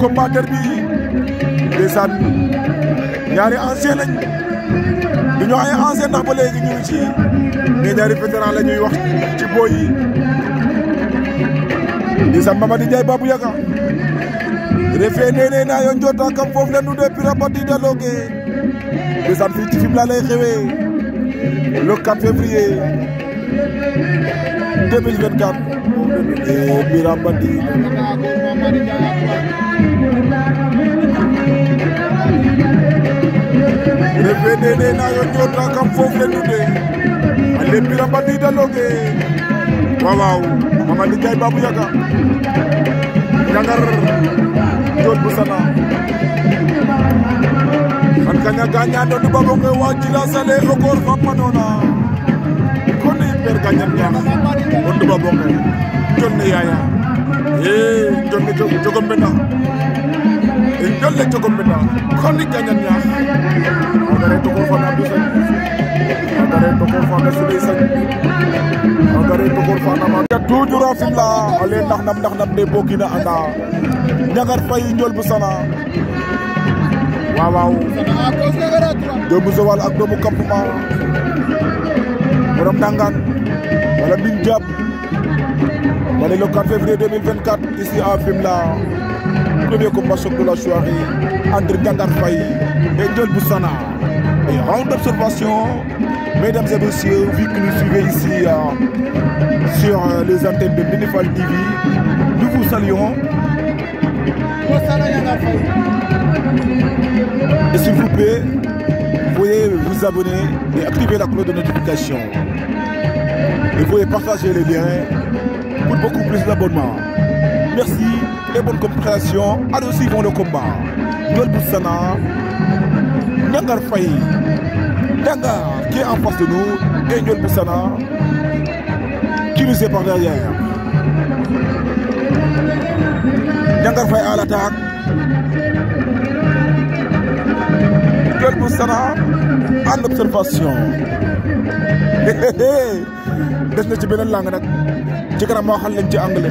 combatteur bi ndeysaan ñaari ancien lañ du ñu ay ancien ndax ba léegi ñu ngi ci mais ñaari vétéran la ñuy wax ci booy yi ndeysaan Mamady Ndiaye Babou Yaga refe nene na yo njota kam foof le nude pira batida looge ndeysaan fii ci Fimela lay xewee le 4 février 2024 pira batida Rewɓe ndeɗena yo jooɗa kam fof fennude hande pira bandidaloge wawaw mamadi diay babou yaga jagar joot busana kan kaña gañaɗo ɗu baboge wa jira sale o koor fammanona kono yimɓer gañan ñax on ɗu baboge jonne yaya e jonne jogom mbena en jolle jogoɓɓe ta koni jañan ñaa agare togo fana abdou sañ agare togo fana souley sañ agare togo fana ma toujours a fimla ale ndax nam ndax nam de bo kina anda ñagar fay njol bu sana waaw waaw doomu sowal ak doomu campement borom nangaan wala mbin jàpp wala le 4 février 2024 ici à Fimela premier la soirée entre Gandar et Boussana. Et round d'observation, mesdames et messieurs, vu que nous suivez ici euh, sur euh, les antennes de Benefal TV, nous vous saluons. Et s'il vous plaît, pouvez vous abonner et activer la cloche de notification. Et vous pouvez partager les liens pour beaucoup plus d'abonnements. Merci les bonnes compréhensions Allez aussi, vont le combat. Noël Boussana, Nyangar Faye, Nyangar qui est en face de nous, et Noël Boussana qui nous est par derrière. Nyangar Faye à l'attaque. Boussana en observation. des na ci nous langue ci kanam ci anglais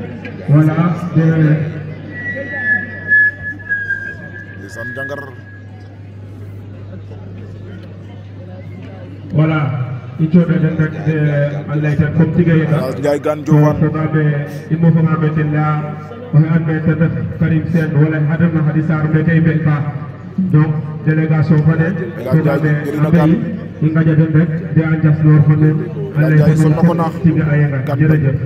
voilà ndeysaan jàngar i coɗoɗen rek allah euh, tan comme tiga yeɗa jay gan jowan fogaɓe immo fogaɓe tella oxe an me te ref karim sene wala xa refna xadi sar meke i mbeɗ paax donc délégation fane fogaɓe a ɓeyi i ngaƴa den rek de a njasnoor fo nuun allah tiga a yenga jerejef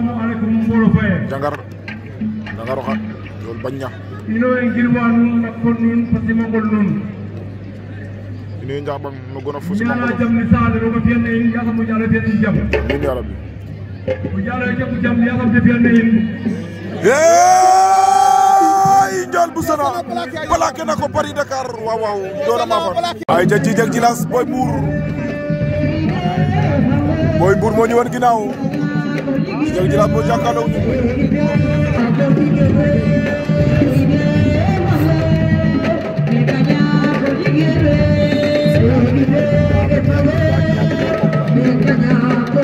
assalamu alaikum mbolo faye jangar jangar ha lol bagna ino en gilwa nun nakon nun pati mongol nun ino en jabam no gona fusi mongol ya jam ni sale ro ko fienne en ya mo jalo fienne jam min ya rabbi mo jalo jam jam ya ko fienne en hey jol bu sana plaqué nako paris dakar waaw waaw dola ma fa ay ja ci jak jilas boy bour boy bour mo ñu won ginaaw Dieguy Djilass moo jàkkaarloo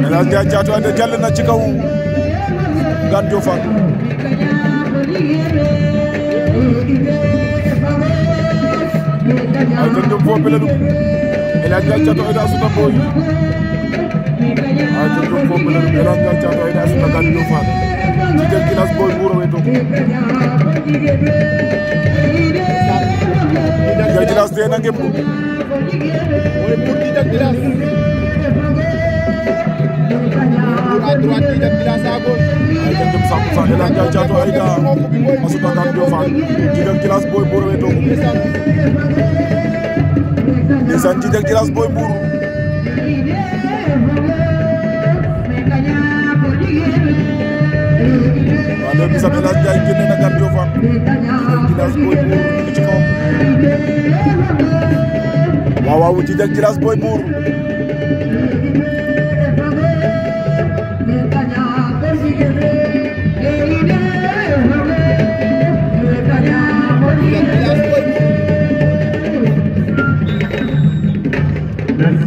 El Hadj Ndiaye Thiatou Ande jàll na ci kaw Ngane Diofane ay gën jëm foofu la dugg El Hadj Ndiaye Thiatou Ande Jurgum Poplar Elan Garcha Toyda Asuna Gan Lufa Chicken Kilas Boy Buro Weto Chicken Kilas Dia Nangge Bu Boy Bur Chicken Kilas Bur Adruan Chicken Kilas Agun Chicken Kilas Sakusa Elan Garcha Toyda Asuna Gan Lufa Chicken Kilas Boy Buro Weto Nisan Chicken Kilas Boy Buro Thank you. waaw loolu bisa Elhadj Ndiaye génne na Gare Dioffane Djilass Boy Mbour ñu ngi ci kawam waaw waaw Djilass Boy Mbour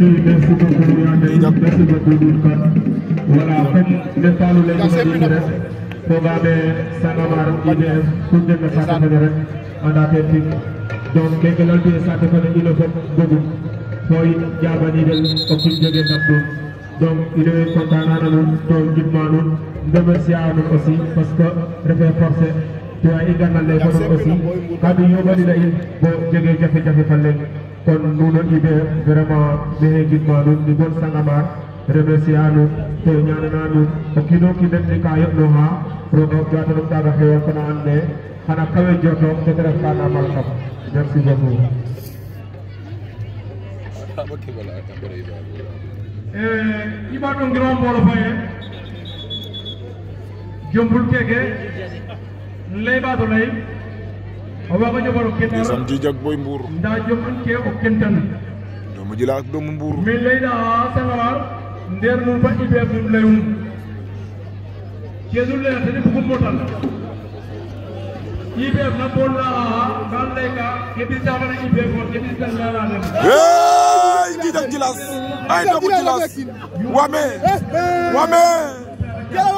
merci beaucoup yaa merci beaucoup kon voilà comme des fois lu lay ñu rek programme Sangomar IBF pour njëkk rek en tant que team donc képp loolu bi sant ko ne ilo ko bëgg fooy del o kin jóge nag du donc ilo kontaan naa noonu tool jubmaa noonu remercier noonu aussi parce que refee forcé to a i ganal lay ko noonu aussi kadu yóbbali la boo jege jafe-jafe fa léegi kon nuuna ibe vraiment ɓe gidma nuun ni gon sanga mbaat remercier a nuun to ñanana nuun o kiino kiin rek ni ka yoɓnooxa rooga gatanom taaga xewal fana and naye xana kawe jotoom to te ref ka namal kam merci beaucoup i ɓaat o ngiro mboolo faye jombul keke um ley ɓaato ley ci jiijak boy nda ke kentan do doomu jila ak do doomu mi lay da sanawar nder mum fa ibe bu mum leyum kedul le tani bugum motal ibe na bolla dal leka kedi sabana ibe ko kedi sallala ay di jiijak jilas ay do bu jilas wame eh, eh. wame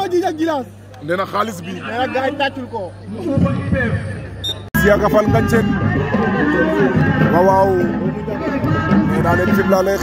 di jiijak jilas neena khalis bi neena gaay tatul ko Siaka Fall Ngagne Sène waaw waaw nee naa leen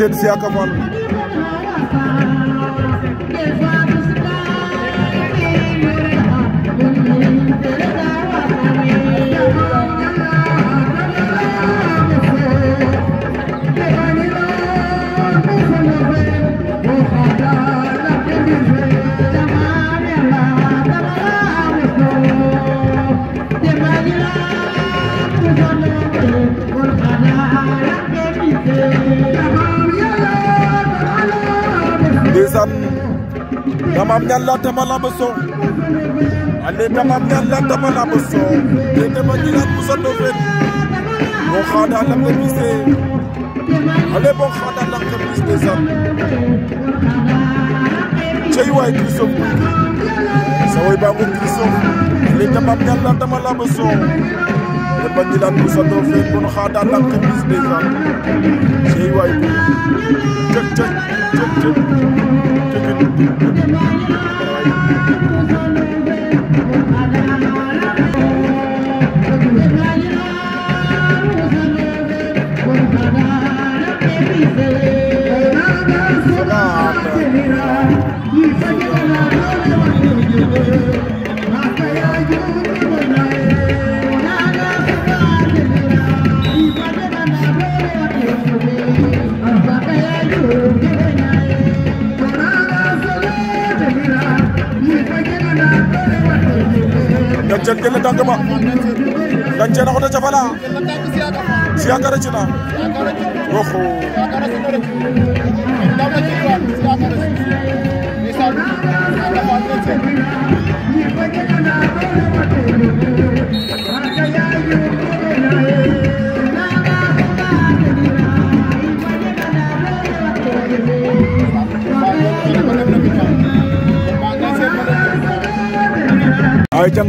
Ceen Siaka Fall tamam ñalla tama lamba so ale tamam ñalla tama lamba so te dama ñilat bu sa dofen bo xada la ko ale bo xada la ko bise de sam cey way ki so sa way ba ko ale tamam ñalla tama lamba so te dama ñilat bu sa dofen bo xada la ko bise de cey way cek cek gama dan ce na hoto jafala a karancina oho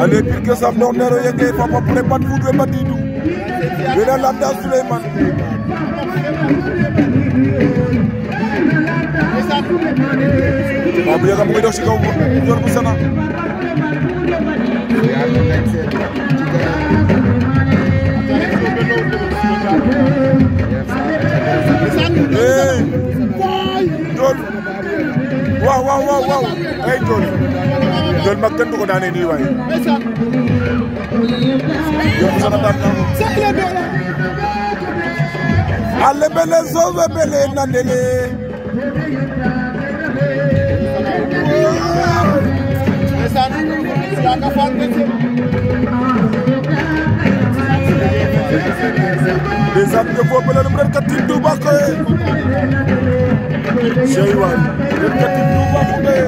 ale pirke samdornero yenge papa pre bat futɓe mbadidu wena lamda souleyman Babu Yaga mu ngi dox ci kaw Ndiol bu Sana Hey Ndiol waaw waaw waaw waaw ay Ndiol Ndiol mag kenn du ko daanee nii waaye Ndiol bu soxla daan naa ale bele soobe bele nandele ndeysaan ndeysaan ñëpp foofu la leen kati Touba koye cey waay leen kati Touba ko koye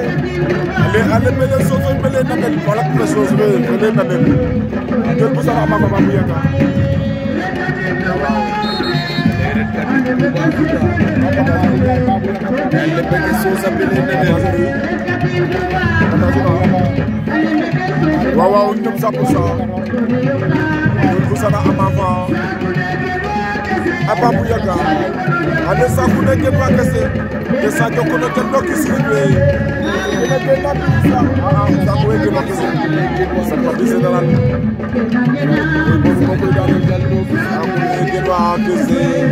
ale ale mele sofe mele nanen wala kula soose mele nanen jël bu sama amama bu yaga waaw waaw ñoom 100 pour cent Bour Goussana Ama Fa a Babou Yaka ane sakuna je pakase je sajo kono to doki sirbe ene be na pisa ah sako wege makase sako dise dalan bos ko ko dal dal do sako wege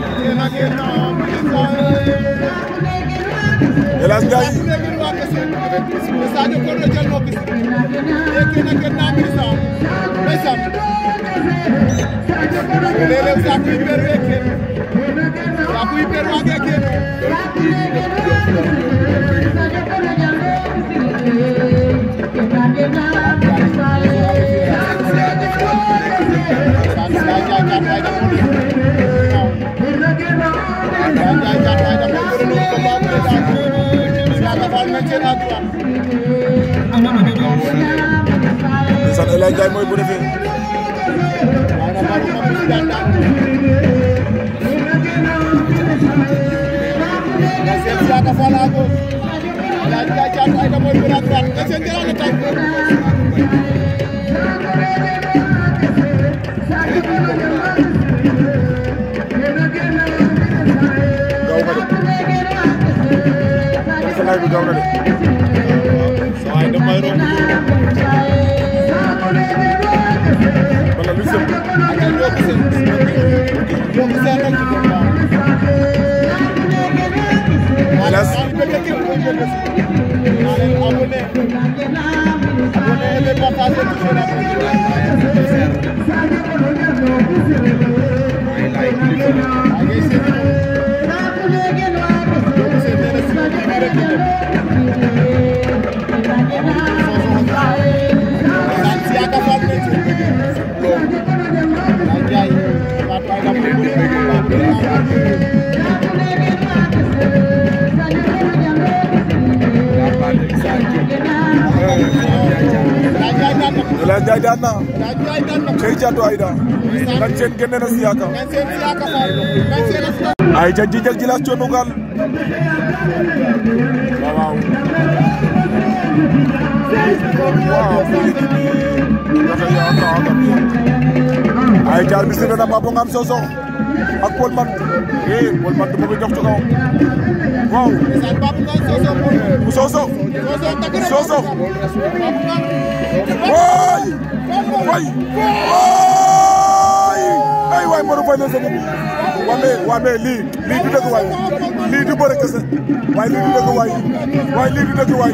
El Hadj Ndiaye. Lele saku iperu eke. Saku iperu ake eke. Thank you. san El Hadj Ndiaye mooy bu defee nga seet Caaka Faal a ko El Hadj Ndiaye Caaka Ayda mooy bu raak raak nga seet jëlaat tey Thank you. xale bi daw na de waaye damay romb wala lu sëb alas abonné abonné El Hadj Ndiaye daan na Cheikh Thiatou Aïda Ngagne ay ca jijal jilas conugal waaw ay ca arbitre bi na Papo ak Paul Mbane eh Paul Mbane dama koy jox ci kawam waaw. Sosox Sosox waay waay waay waay Modou Faye la sa bopp waa mais waa mais lii lii du dëgg waay lii du bëre kese waaye lii du dëgg waay waaye lii du dëgg waay.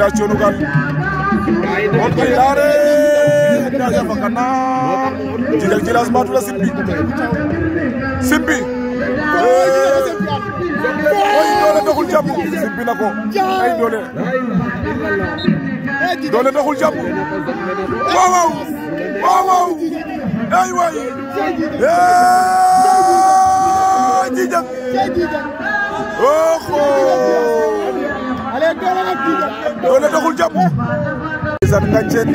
irachonugal on qirare ndaja fakana jigel jilas matula simbi simbi oy doole doxul jàmm simbi na ko ay doole doole doxul jàmm waaw waaw waaw waaw ay waay jijang doole doxul jàmm ndeysaan ngànceen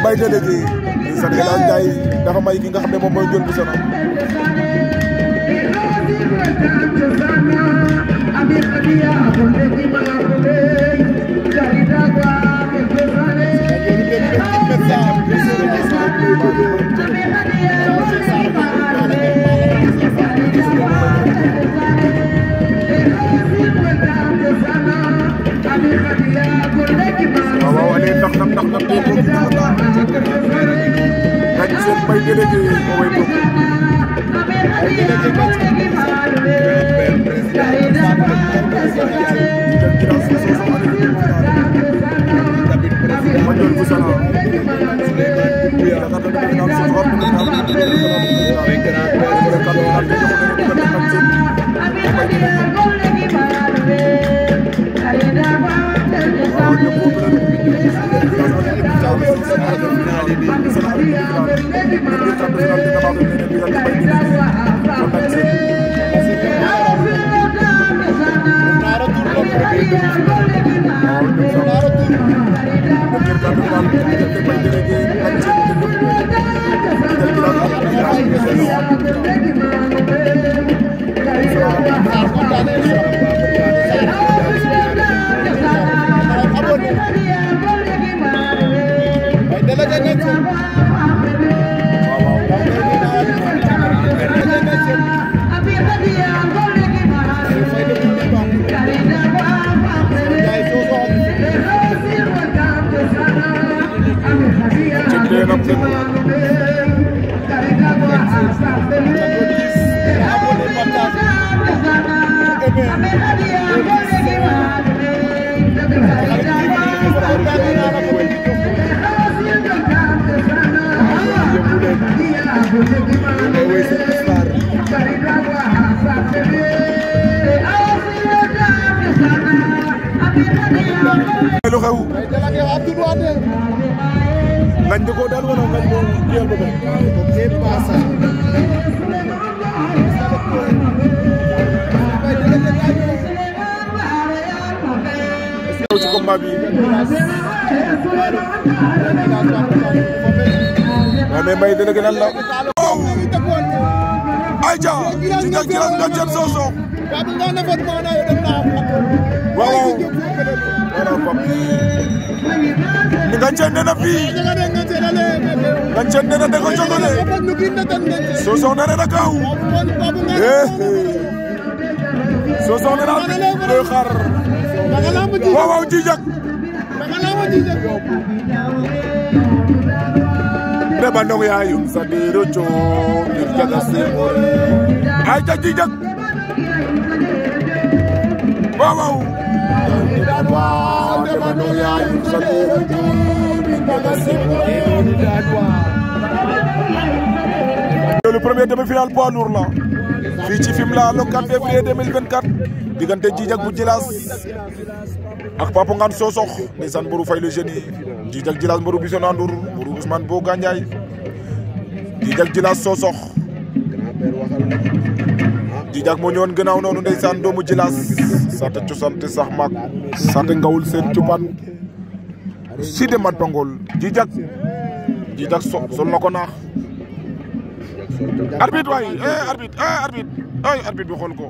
mbay tele ji ndeysaan Elhadj Ndiaye dafa may ki nga xam ne moom mooy jël bu sono Thank you. na bebo kala kadi sen bay gele ge o way ko Major Busana, Jakarta Kepulauan Sosok, Delegate Neto. lu xew ngañ ko dal wala ngañ ko kiyal ba nga ci nga jëm so so ni Ngathie na fii Ngathie nee ko jogale Sosokh nee na kaw Sosokh nee naa doy xaar waaw waaw Djijak ne ba ndong yaayum sa diiro coow ngir jaga seemoor ay ca Djijak waaw Le premier demi-finale pour lourd la fii le 4 février 2024 Digante Djidjak Boudjilas. ak Papa Ngane Sosokh ndeysaan fay le génie. Djidjak Djilas Bourou Bisson Anour. Bourou Ousmane Boga Djidjak Djilas Sosok. Tidiak moo ñëwoon gannaaw noonu ndeysaan doomu jilaas sata cosante sax maak sata ngawul seen cupan si de mat pangool Tidiak Tidiak sol na ko naax arbitre waay eh arbitre eh bi xool ko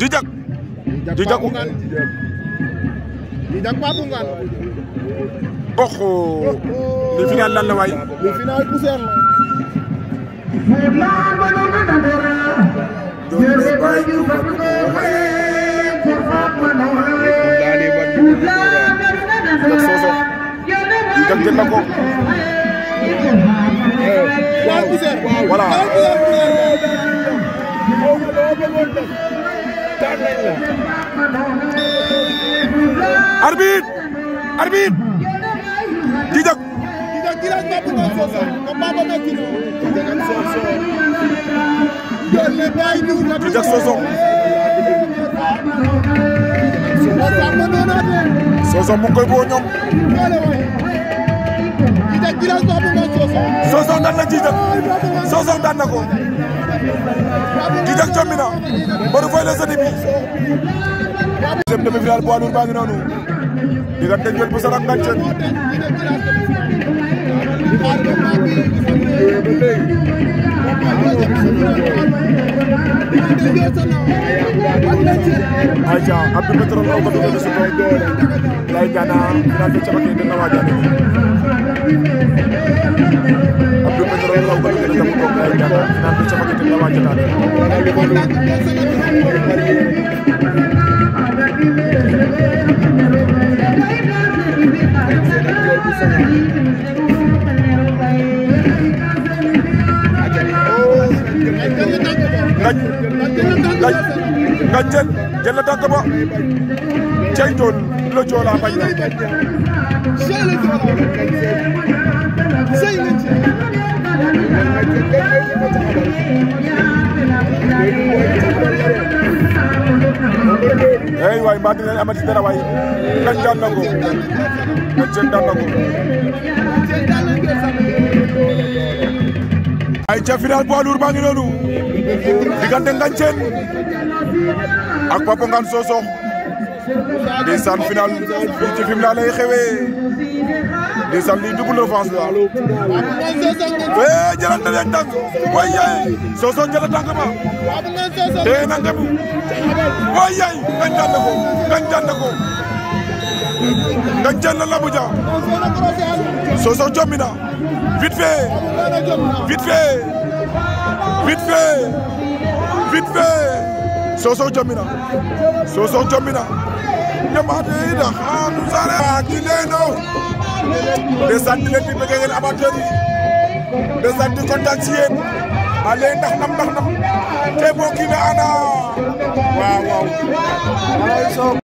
Tidiak Tidiak Tidiak li final lan la waay Memang menunggu negara Jadi baju berkutai Kurang menolak Bukan menunggu negara Jadi baju berkutai Waaw Ouzin voilà arbitre arbitre di jóg Encouragement pour Boy Soso combat daan na Jijak. Soso daan na ko. Jijak jommi na. Modou Faye la sëni bi. demi-finale poids lourd baa ngi noonu. diggante Ndiol bu Sarak Ngathie. aja abdou patron ko ko do so ko gana na ko ci bakay dina waja ni abdou patron ko ko do so ko lay gana na ko ci bakay dina waja tàgg ba cey tool la joolaa bañ na eey waay mbaa dinañ amati dara waay kañ daan na ko kañ seen daan na ko ay ca final poids lourd baa ngi noonu diggante ngañ seen ak Papa Soso di final double offense la eh, ba eh, vite fait vite fait vite fait vite fait Sossokh jombi na Sossokh jombi na ñamaate yi da sare a ki ndeeno ndeysaan di leen di bëgg ngeen amateur yi ndeysaan di kontaan ci a leen ndax nam ndax nam te boo kii ne ana waaw waaw